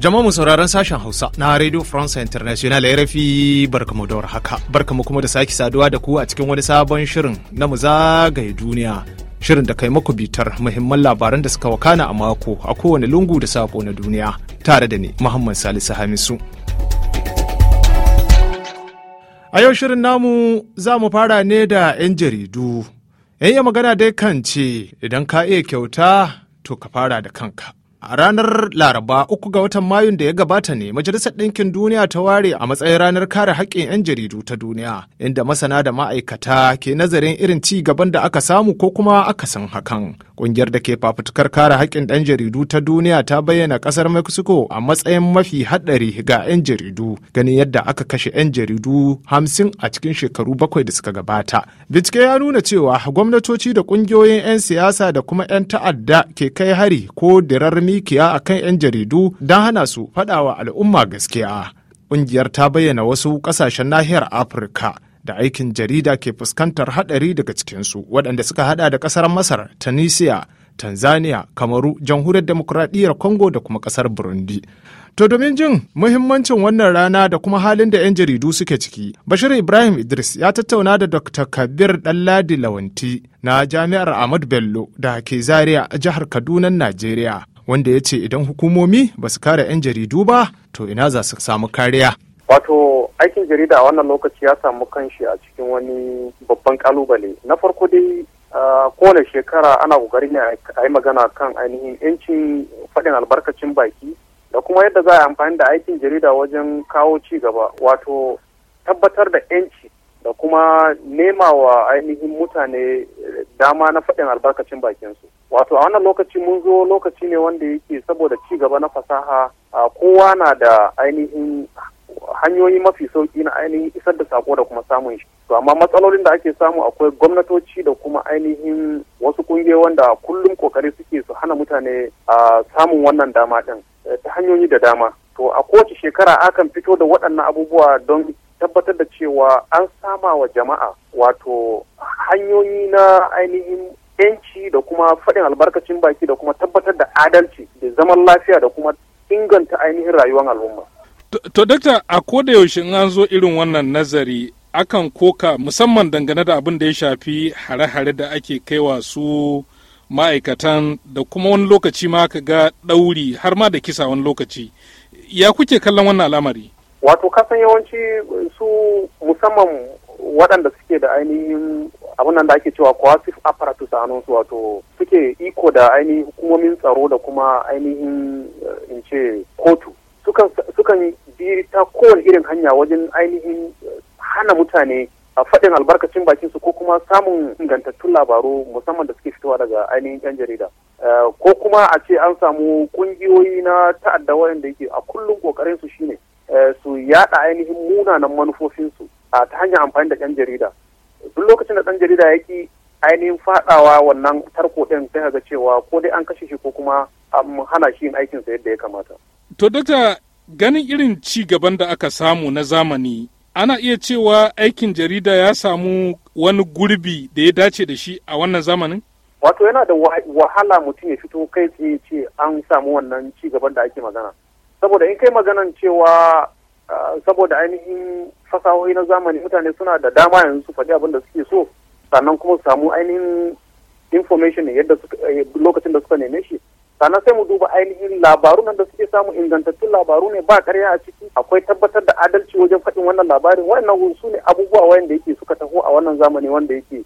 Jama'a mu sauraron sashen Hausa na Radio France International ya rafi barkamu da haka. Barkamu kuma da sake saduwa da ku a cikin wani sabon shirin na mu zagaye duniya. Shirin da kai maku bitar muhimman labaran da suka wakana a mako a kowane lungu da sako na duniya tare da ni Muhammad Salisu Hamisu. A yau shirin namu za mu fara ne da 'yan jaridu. 'Yan magana dai kan ce idan ka iya kyauta to ka fara da kanka. A ranar Laraba uku ga watan Mayun da ya gabata ne Majalisar Ɗinkin Duniya ta ware a matsayin ranar kare haƙƙin 'yan jaridu ta duniya, inda masana da ma'aikata ke nazarin irin ci gaban da aka samu ko kuma aka san hakan. Ƙungiyar da ke fafutukar kare haƙƙin ɗan jaridu ta duniya ta bayyana ƙasar Mexico a matsayin mafi haɗari ga 'yan jaridu ganin yadda aka kashe 'yan jaridu hamsin a cikin shekaru bakwai da suka gabata. Bincike ya nuna cewa gwamnatoci da ƙungiyoyin 'yan siyasa da kuma 'yan ta'adda ke kai hari ko dirar mikiya a kan 'yan jaridu don hana su faɗawa al'umma gaskiya. Ƙungiyar ta bayyana wasu ƙasashen nahiyar Afirka da aikin jarida ke fuskantar haɗari daga cikinsu waɗanda suka haɗa da ƙasar Masar, Tunisia, Tanzania, Kamaru, Jamhuriyar Demokuraɗiyyar Congo da kuma ƙasar Burundi. To domin jin muhimmancin wannan rana da kuma halin da 'yan jaridu suke ciki, Bashir Ibrahim Idris ya tattauna da Dr. Kabir Ɗanladi Lawanti na Jami'ar Ahmad Bello da ke Zaria a jihar Kaduna, Najeriya, wanda ya ce idan hukumomi ba su kare 'yan jaridu ba, to ina za su samu kariya. Wato aikin jarida a wannan lokaci ya samu kanshi a cikin wani babban kalubale. Na farko dai kowane shekara ana kokarin ne a yi magana kan ainihin 'yancin faɗin albarkacin baki da kuma yadda za a amfani da aikin jarida wajen kawo ci gaba wato tabbatar da 'yanci da kuma nema wa ainihin mutane dama na faɗin albarkacin bakinsu. Wato a wannan lokaci mun zo lokaci ne wanda yake saboda ci gaba na fasaha kowa na da ainihin hanyoyi mafi sauki na ainihin isar da sako da kuma samun shi to amma matsalolin da ake samu akwai gwamnatoci da kuma ainihin wasu kungiyoyi wanda kullum kokari suke su hana mutane a samun wannan dama din eh, ta hanyoyi da dama to a kowace shekara akan fito da waɗannan abubuwa don tabbatar da cewa an sama wa jama'a wato hanyoyi na ainihin yanci da kuma faɗin albarkacin baki da kuma tabbatar da adalci da zaman lafiya da kuma inganta ainihin rayuwar al'umma. To, dakta a koda yaushe in an zo irin wannan nazari akan koka musamman dangane da abin da ya shafi hare-hare da ake kaiwa su ma'aikatan da kuma wani lokaci ma ka ga ɗauri har ma da kisa wani lokaci. Ya kuke kallon wannan al'amari? Wato kasan yawanci su musamman waɗanda suke da ainihin abin da ake cewa kwasif apparatus a su wato suke iko da ainihin hukumomin tsaro da kuma ainihin eh, in ce kotu sukan bi ta kowane irin hanya wajen ainihin eh, hana mutane a faɗin albarkacin bakin su ko kuma samun ingantattun labaru musamman da suke fitowa daga ainihin yan jarida eh, ko kuma a ce an samu ƙungiyoyi na ta'adda wanda yake a kullum ƙoƙarin su shine eh, su yaɗa ainihin munanan manufofinsu a ta hanyar amfani da yan jarida duk lokacin da ɗan jarida yake ainihin faɗawa wannan tarko ɗin sai ga cewa ko dai an kashe shi ko kuma an hana shi yin aikinsa yadda ya kamata. To dokta ganin irin ci gaban da aka samu na zamani ana iya cewa aikin jarida ya samu wani gurbi da ya dace da shi a wannan zamanin? Wato yana da wahala mutum ya fito kai tsaye ce an samu wannan ci gaban da ake magana. Saboda in kai maganan cewa saboda ainihin fasahohi na zamani mutane suna da dama yanzu su faɗi abin da suke so sannan kuma su samu ainihin information yadda eh, lokacin da suka neme shi. sannan sai mu duba ainihin labaru nan da suke samu ingantattun labaru ne ba karya a ciki akwai tabbatar da adalci wajen faɗin wannan labarin wannan su ne abubuwa wanda yake suka taho a wannan zamani wanda yake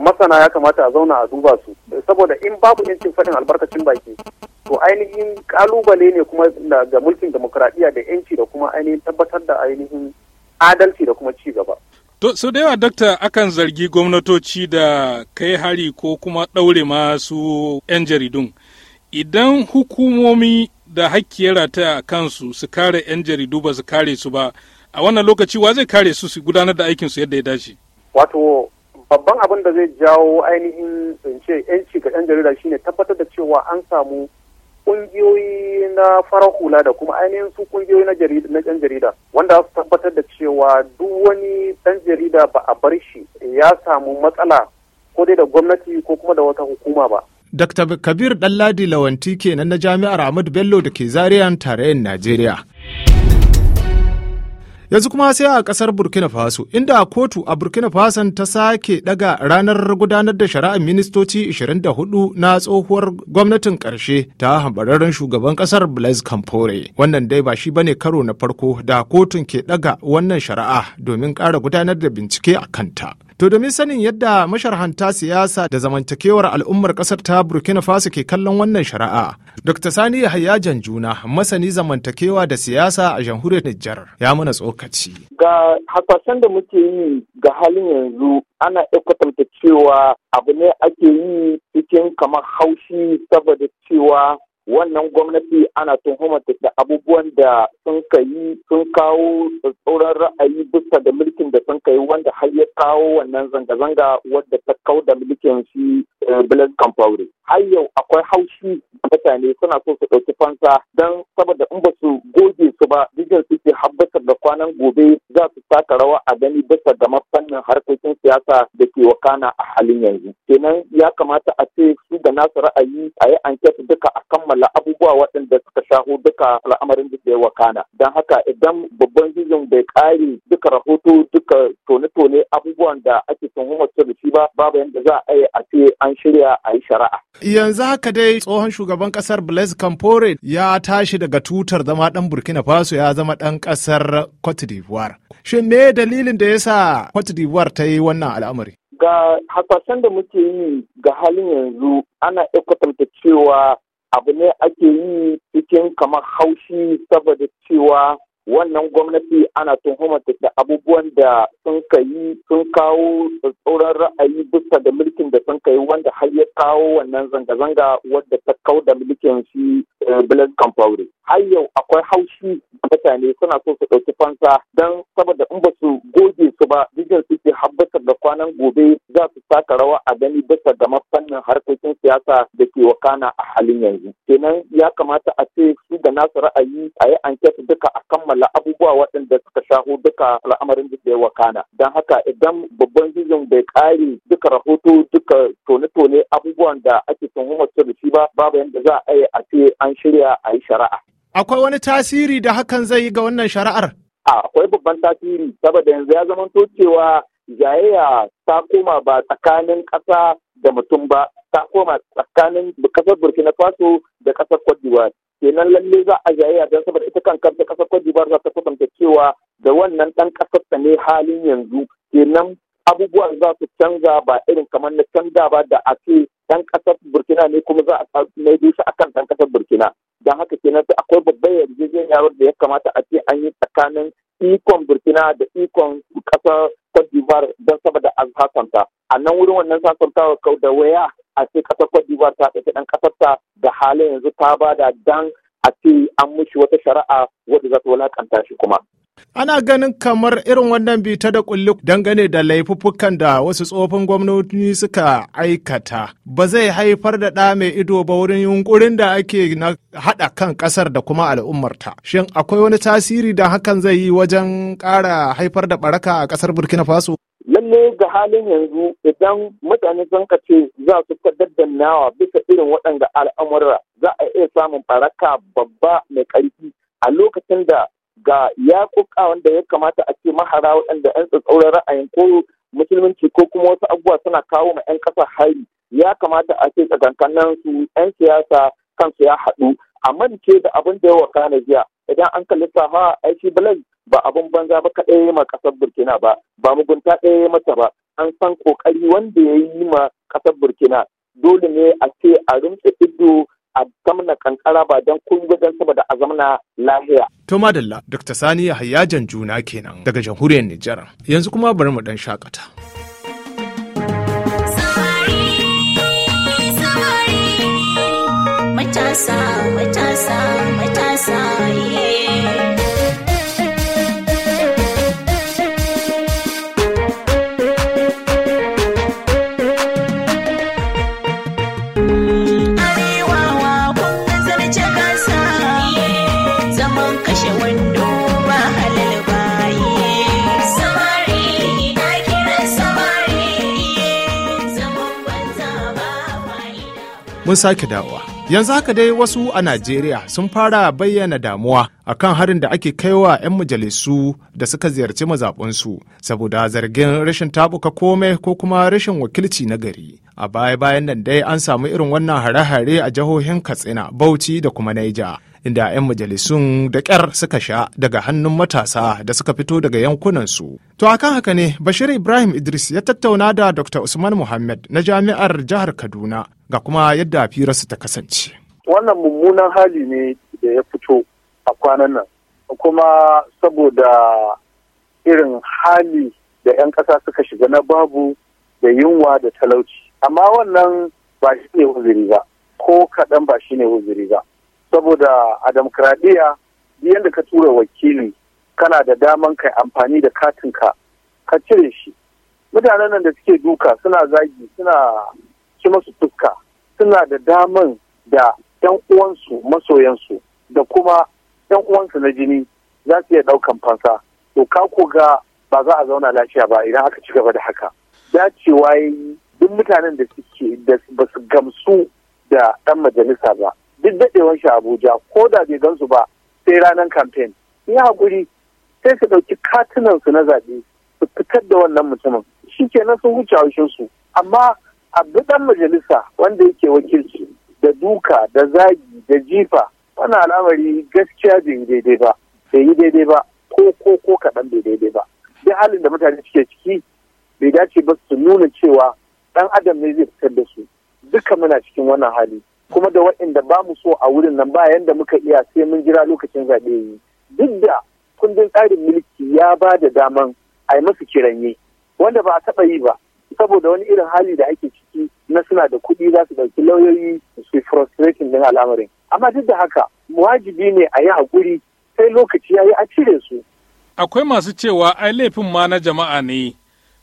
masana ya kamata a zauna a duba su saboda in babu yancin faɗin albarkacin baki to ainihin kalubale ne kuma ga mulkin demokuraɗiyya da yanci da kuma ainihin tabbatar da ainihin adalci da kuma ci gaba To, so da yawa dakta akan zargi gwamnatoci da kai hari ko kuma ɗaure masu 'yan jaridun. idan hukumomi da hakki ya rataya a kansu su kare 'yan jaridu ba su kare su ba a wannan lokaci wa zai kare su su gudanar da aikinsu yadda ya dace wato babban abin da zai jawo ainihin tsince yanci ga 'yan jarida shine tabbatar da cewa an samu kungiyoyi na farar hula da kuma ainihin su kungiyoyi na yan jarida wanda su tabbatar da cewa duk wani ɗan jarida ba a bar shi ya samu matsala ko dai da gwamnati ko kuma da wata hukuma ba Dr. Kabir Ɗanladi Lawanti kenan na Jami'ar Ahmadu Bello da ke Zariyan tarayyar Najeriya. Yanzu kuma sai a ƙasar Burkina Faso, inda kotu a Burkina Faso ta sake daga ranar gudanar da shari'ar ministoci 24 na tsohuwar gwamnatin ƙarshe ta hambararren shugaban ƙasar Blaise Campore. Wannan dai ba shi bane karo na farko da kotun ke daga wannan shari'a domin ƙara gudanar da bincike a kanta. To domin sanin yadda masharhanta siyasa da zamantakewar al'ummar ƙasar ta Burkina Faso ke kallon wannan shari'a, Dr. Sani Yahaya Juna, masani zamantakewa da siyasa a jamhuriyar Nijar, ya mana tsokaci. Ga hasashen da muke yi ga halin yanzu ana ikwatanta cewa abu ne ake yi cikin kamar haushi saboda cewa wannan gwamnati ana tuhumata da abubuwan da sun kayi sun kawo tsauran ra'ayi bisa da mulkin da sun yi wanda har ya kawo wannan zanga-zanga wadda ta kau da mulkin shi eh, Blaise Compaoré. Har yau akwai haushi mutane suna so su ɗauki fansa don saboda in ba su goge su ba jijiyar suke habbatar da kwanan gobe za su taka rawa a gani bisa ga mafannin harkokin siyasa da ke wakana a halin yanzu kenan ya kamata a ce su da nasu ra'ayi a yi anket duka a kammala abubuwa waɗanda suka shaho duka al'amarin da ke wakana don haka idan babban jijin bai ƙare duka rahoto duka tone-tone abubuwan da hukumar da shi ba babu yadda za a yi a ce an shirya a yi shari'a. Yanzu haka dai tsohon shugaban kasar Blaise Compaore ya tashi daga tutar zama ɗan Burkina Faso ya zama ɗan ƙasar Cote d'Ivoire. Shin me dalilin da ya sa Cote d'Ivoire ta yi wannan al'amari? Ga hasashen da muke yi ga halin yanzu ana ikwatanta cewa abu ne ake yi cikin kamar haushi saboda cewa wannan gwamnati ana tuhumar da abubuwan da sun kayi sun kawo tsauran ra'ayi bisa da mulkin da sun kayi wanda har ya kawo wannan zanga-zanga wadda ta kawo da mulkin shi eh, Blaise Compaoré. Har yau akwai haushi mutane suna so su ɗauki fansa don saboda in ba su goge su ba jijin suke habbasar da kwanan gobe za su saka rawa a gani bisa ga mafannin harkokin siyasa da ke wakana a halin yanzu. Kenan ya kamata a ce su da nasu ra'ayi a yi anket duka kammala abubuwa waɗanda suka shaho duka al'amarin da ya wakana don haka idan babban gizon bai kare duka rahoto duka tone-tone abubuwan da ake son su da shi ba babu yadda za a yi a ce an shirya a yi shari'a. Akwai wani tasiri da hakan zai yi ga wannan shari'ar? Akwai babban tasiri saboda yanzu ya to cewa jayayya ta koma ba tsakanin ƙasa da mutum ba ta koma tsakanin kasar burkina faso da kasar cote kenan lalle za a jayayya don saboda ita kan kanta kasar Cote d'Ivoire za ta kusanta cewa da wannan dan kasarta ne halin yanzu kenan abubuwan za su canza ba irin kamar na canza ba da a ce dan kasar Burkina ne kuma za a maido a akan dan kasar Burkina don haka kenan sai akwai babban yarjejeniya da ya kamata a ce an yi tsakanin ikon Burkina da ikon kasar Cote d'Ivoire don saboda a sasanta a nan wurin wannan sasantawa da waya a ce kasar Cote d'Ivoire ta ɗauki ɗan ƙasarta da halin yanzu ta ba da dan a ce an mushi wata shari'a wadda za ta wulaƙanta shi kuma. Ana ganin kamar irin wannan bita da kulli dangane da laifuffukan da wasu tsofin gwamnati suka aikata ba zai haifar da ɗa mai ido ba wurin yunkurin da ake na haɗa kan ƙasar da kuma al'ummarta. Shin akwai wani tasiri da hakan zai yi wajen ƙara haifar da ɓaraka a ƙasar Burkina Faso? lalle ga halin yanzu idan mutane sun ka ce za su ka daddannawa bisa irin waɗanda al'amura za a iya samun baraka babba mai ƙarfi a lokacin da ga yakuka wanda ya kamata a ce mahara waɗanda 'yan tsatsauran ra'ayin ko musulunci ko kuma wasu abubuwa suna kawo ma 'yan ƙasa hari ya kamata a ce tsakankanin su 'yan siyasa kansu ya haɗu a mance da abin da ya wakana jiya idan an kalli safa aiki shi ba abun banza ba kaɗai ma ƙasar burkina ba ba mugunta ɗaya mata ba an san ƙoƙari wanda ya yi ma ƙasar burkina dole ne a ce a rumtse ido a zamna ƙanƙara ba don kun don saboda a zamna lahiya. To madalla, Dr. Sani Yahaya juna kenan daga jamhuriyar Nijar. Yanzu kuma bari mu dan shakata. Matasa, matasa. mun sake dawowa. Yanzu haka dai wasu a Najeriya sun fara bayyana damuwa akan harin da ake kaiwa 'yan majalisu da suka ziyarci mazaɓunsu saboda zargin rashin taɓuka komai ko kuma rashin wakilci na gari. A baya-bayan nan dai an samu irin wannan hare-hare a jihohin Katsina, Bauchi da kuma Naija. inda 'yan majalisun da ƙyar suka sha daga hannun matasa da suka fito daga yankunansu. To akan haka ne Bashir Ibrahim Idris ya tattauna da Dr. Usman Muhammad na jami'ar jihar Kaduna ga kuma yadda firarsu ta kasance. Wannan mummunan hali ne da ya fito a kwanan nan, kuma saboda irin hali da 'yan ƙasa suka shiga na babu da yunwa da talauci. Amma wannan ba shi ne wuziri ba, ko kaɗan ba shi ne wuziri ba. Saboda a demokradiyya, yadda ka tura wakili, kana da daman kai amfani da katinka, ka cire shi. Mutanen nan da suke duka suna zagi suna ci masu fuska suna da daman da yan uwansu masoyansu da kuma yan uwansu na jini za su iya ɗaukan fansa to ka ga ba za a zauna lafiya ba idan aka ci gaba da haka dacewa ya yi duk mutanen da suke da ba su gamsu da ɗan majalisa ba duk daɗewar shi abuja ko da bai gansu ba sai ranar kamfen ya haƙuri sai su ɗauki katunansu na zaɓe su fitar da wannan mutumin shi kenan sun huce haushinsu amma abu dan majalisa wanda yake wakilci da duka da zagi da jifa wannan al'amari gaskiya bai yi daidai ba bai yi daidai ba ko ko ko kaɗan bai daidai ba duk halin da mutane suke ciki bai dace ba su nuna cewa ɗan adam ne zai fitar da su duka muna cikin wannan hali kuma da waɗanda ba mu so a wurin nan ba yanda muka iya sai mun jira lokacin zaɓe yi duk da kundin tsarin mulki ya ba da daman a yi masu kiranye wanda ba a taɓa yi ba saboda wani irin hali da ake ciki na suna da kuɗi za su ɗauki lauyoyi su frustrating din al'amarin amma duk da haka wajibi ne a yi haƙuri sai lokaci ya yi a cire su. akwai masu cewa ai laifin ma na jama'a ne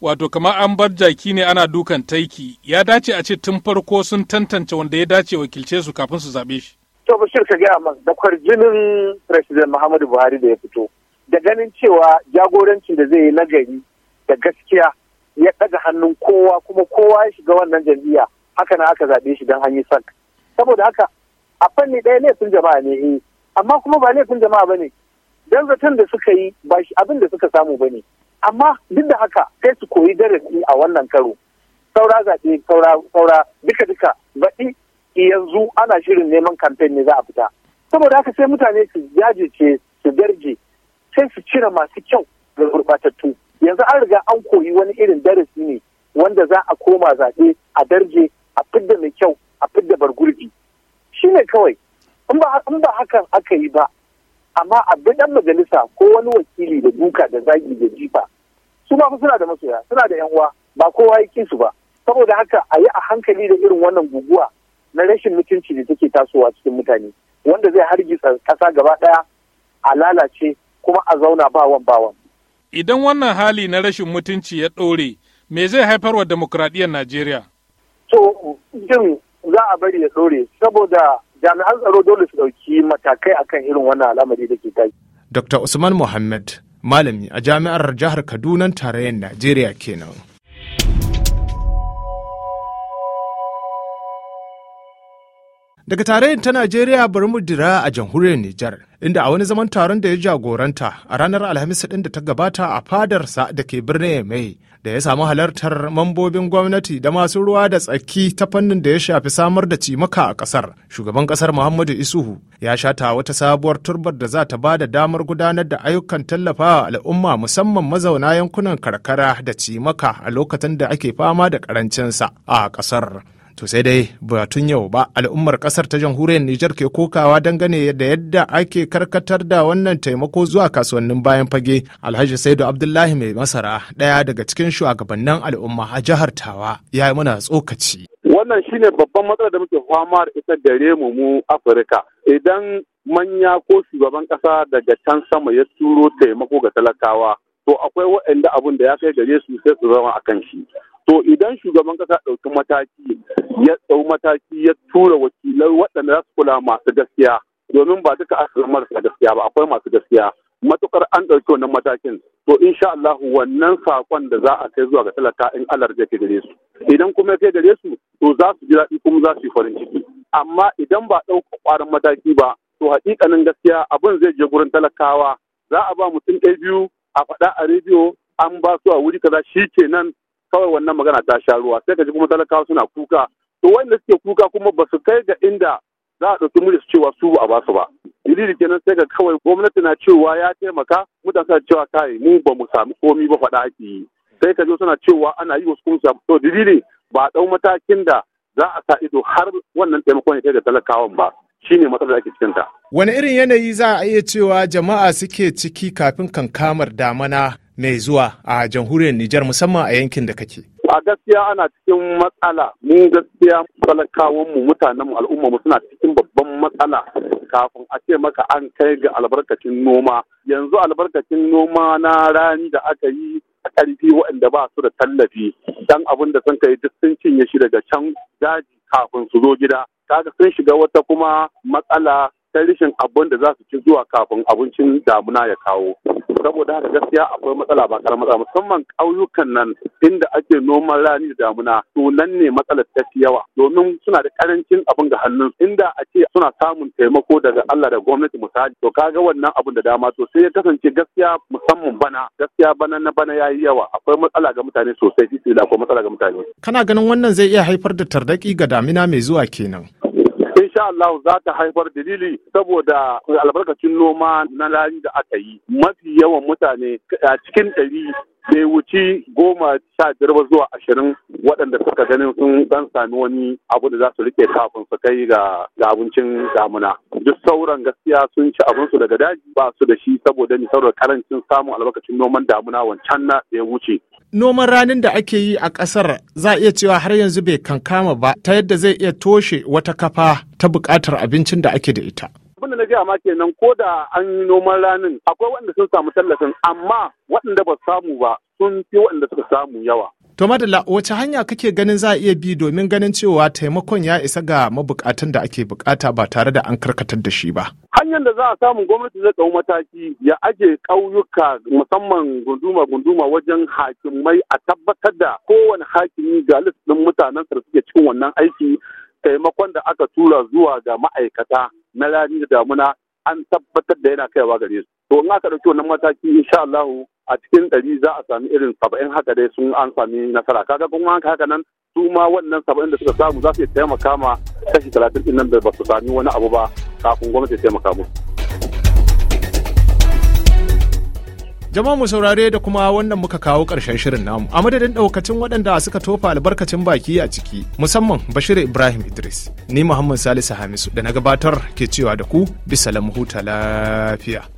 wato kamar an bar jaki ne ana dukan taiki ya dace a ce tun farko sun tantance wanda ya dace wakilce su kafin su zaɓe shi. to bashir ka gaya min da kwarjinin president muhammadu buhari da ya fito da ganin cewa jagorancin da zai yi nagari da gaskiya ya ɗaga hannun kowa kuma kowa ya shiga wannan jam'iyya haka na aka zaɓe shi don an yi sak saboda haka a fanni ɗaya laifin jama'a ne eh amma kuma ba laifin jama'a ba ne don zaton da suka yi ba shi abin da suka samu ba ne amma duk da haka sai su koyi darasi a wannan karo saura zaɓe saura saura duka duka baɗi eh, yanzu ana shirin neman kamfen ne za a fita saboda haka sai mutane su jajirce su darje sai su cire masu kyau ga gurɓatattu yanzu an riga an koyi wani irin darasi ne wanda za a koma zaɓe a darje a fidda mai kyau a fidda bargurbi shi ne kawai in ba hakan aka yi ba amma abin ɗan majalisa ko wani wakili da duka da zagi da jifa su ma suna da masoya suna da yan uwa ba kowa ya su ba saboda haka a yi a hankali da irin wannan guguwa na rashin mutunci da take tasowa cikin mutane wanda zai hargitsa ƙasa gaba ɗaya a lalace kuma a zauna bawan bawan Idan wannan hali na rashin mutunci ya ɗore, me zai haifar wa demokradiyyar Najeriya? so jin za a bari ya ɗore, saboda jami'an tsaro dole su ɗauki matakai akan irin wannan al'amari da ke tashi. Dr. Usman Muhammad, malami a jami'ar jihar Kaduna tarayyar Najeriya kenan. Daga tarayyar ta Najeriya bari mu dira a jamhuriyar Nijar, inda a wani zaman taron da ya jagoranta a ranar Alhamis ɗin da ta gabata a fadarsa da ke birnin Yamai, da ya samu halartar mambobin gwamnati da masu ruwa da tsaki ta fannin da ya shafi samar da cimaka a ƙasar. Shugaban ƙasar Muhammadu Isuhu ya shata wata sabuwar turbar da za ta ba da damar gudanar da ayyukan tallafawa al'umma musamman mazauna yankunan karkara da cimaka a lokacin da ake fama da ƙarancinsa a ƙasar. To sai dai tun yau ba al'ummar kasar ta jamhuriyar Nijar ke kokawa dangane da yadda ake karkatar da wannan taimako zuwa kasuwannin bayan fage. Alhaji Saidu Abdullahi mai masara ɗaya daga cikin shugabannin al'umma a jihar Tawa ya yi muna tsokaci. Wannan shine babban matsalar da muke fama da ita gare mu mu Afirka. Idan manya ko shugaban kasa daga can sama ya turo taimako ga talakawa to akwai waɗanda abun da ya kai gare su sai su zama a kan shi To idan shugaban kasa ɗauki mataki ya ɗau mataki ya tura wakilai waɗanda za su kula masu gaskiya domin ba duka asirin marasa gaskiya ba akwai masu gaskiya matukar an ɗauki wannan matakin to insha Allah wannan sakon da za a kai zuwa ga talaka in Allah ya gare su idan kuma ya gare su to za su ji daɗi kuma za su yi farin ciki amma idan ba ɗauka ƙwarin mataki ba to hakikanin gaskiya abin zai je gurin talakawa za a ba mutum ɗaya biyu a faɗa a rediyo an ba su a wuri kaza shi kenan kawai wannan magana ta sha ruwa sai ka ji kuma talakawa suna kuka to wanda suke kuka kuma ba su kai ga inda za a ɗauki mulki cewa su a basu ba dalili kenan sai ka kawai gwamnati na cewa ya taimaka mutane suna cewa kai mu ba mu sami komi ba faɗa ake yi sai ka zo suna cewa ana yi wasu kuma to dalili ba a ɗau matakin da za a sa ido har wannan taimakon ya kai ga talakawan ba shine matsalar da ake cikin ta Wani irin yanayi za a iya cewa jama'a suke ciki kafin kankamar damana mai zuwa a jamhuriyar Nijar musamman a yankin da kake? A gaskiya ana cikin matsala mu gaskiya talakawan mu mutanen al'umma mu suna cikin babban matsala kafin a ce maka an kai ga albarkacin noma yanzu albarkacin noma na rani da aka yi a ƙarfi waɗanda ba su da tallafi dan abin da sun kai duk sun cinye shi daga can daji kafin su zo gida kaga sun shiga wata kuma matsala ta rishin abin da za su ci zuwa kafin abincin damuna ya kawo saboda haka gaskiya akwai matsala ba karamar matsala musamman ƙauyukan nan inda ake noman rani da damuna to nan ne matsalar ta fi yawa domin suna da karancin abin ga hannun inda a ce suna samun taimako daga Allah da gwamnati misali to kaga wannan abin da dama to sai ya kasance gaskiya musamman bana gaskiya bana na bana yayi yawa akwai matsala ga mutane sosai fi akwai matsala ga mutane kana ganin wannan zai iya haifar da tardaki ga damina mai zuwa kenan Allah za ta haifar dalili saboda albarkacin noma na layi da aka yi mafi yawan mutane a cikin ɗari bai wuci goma sha biyar ba zuwa ashirin waɗanda suka ganin sun ɗan sami wani abu da za su rike kafin su kai ga abincin damuna duk sauran gaskiya sun ci abinsu daga daji ba su da shi saboda ni saboda karancin samun albarkacin noman damuna wancan na ya wuce noman ranin da ake yi a ƙasar za a iya cewa har yanzu bai kankama ba ta yadda zai iya toshe wata kafa ta buƙatar abincin da ake da ita. abin da na gaya ma kenan ko da an yi noman ranin akwai waɗanda sun samu tallafin amma waɗanda ba samu ba sun fi waɗanda suka samu yawa. To madalla wace hanya kake ganin za a iya bi domin ganin cewa taimakon ya isa ga mabukatan da ake bukata ba tare da an karkatar da shi ba? Hanyar da za a samu gwamnati zai ɗau mataki ya aje ƙauyuka musamman gunduma-gunduma wajen hakimai a tabbatar da kowane hakimi ga lissafin mutanen da suke cikin wannan aiki taimakon da aka tura zuwa ga ma'aikata na rani da damuna an tabbatar da yana kaiwa gare su. To in aka ɗauki wannan mataki insha Allahu a cikin ɗari za a sami irin saba'in haka dai sun an sami nasara kaga kun haka haka nan su ma wannan saba'in da suka samu za su iya taimaka ma kashi talatin ɗin nan da ba su sami wani abu ba kafin gwamnati ta taimaka musu. jama'a mu saurare da kuma wannan muka kawo ƙarshen shirin namu a madadin ɗaukacin waɗanda suka tofa albarkacin baki a ciki musamman bashir ibrahim idris ni muhammad salisu hamisu da na gabatar ke cewa da ku bisa lamu huta lafiya.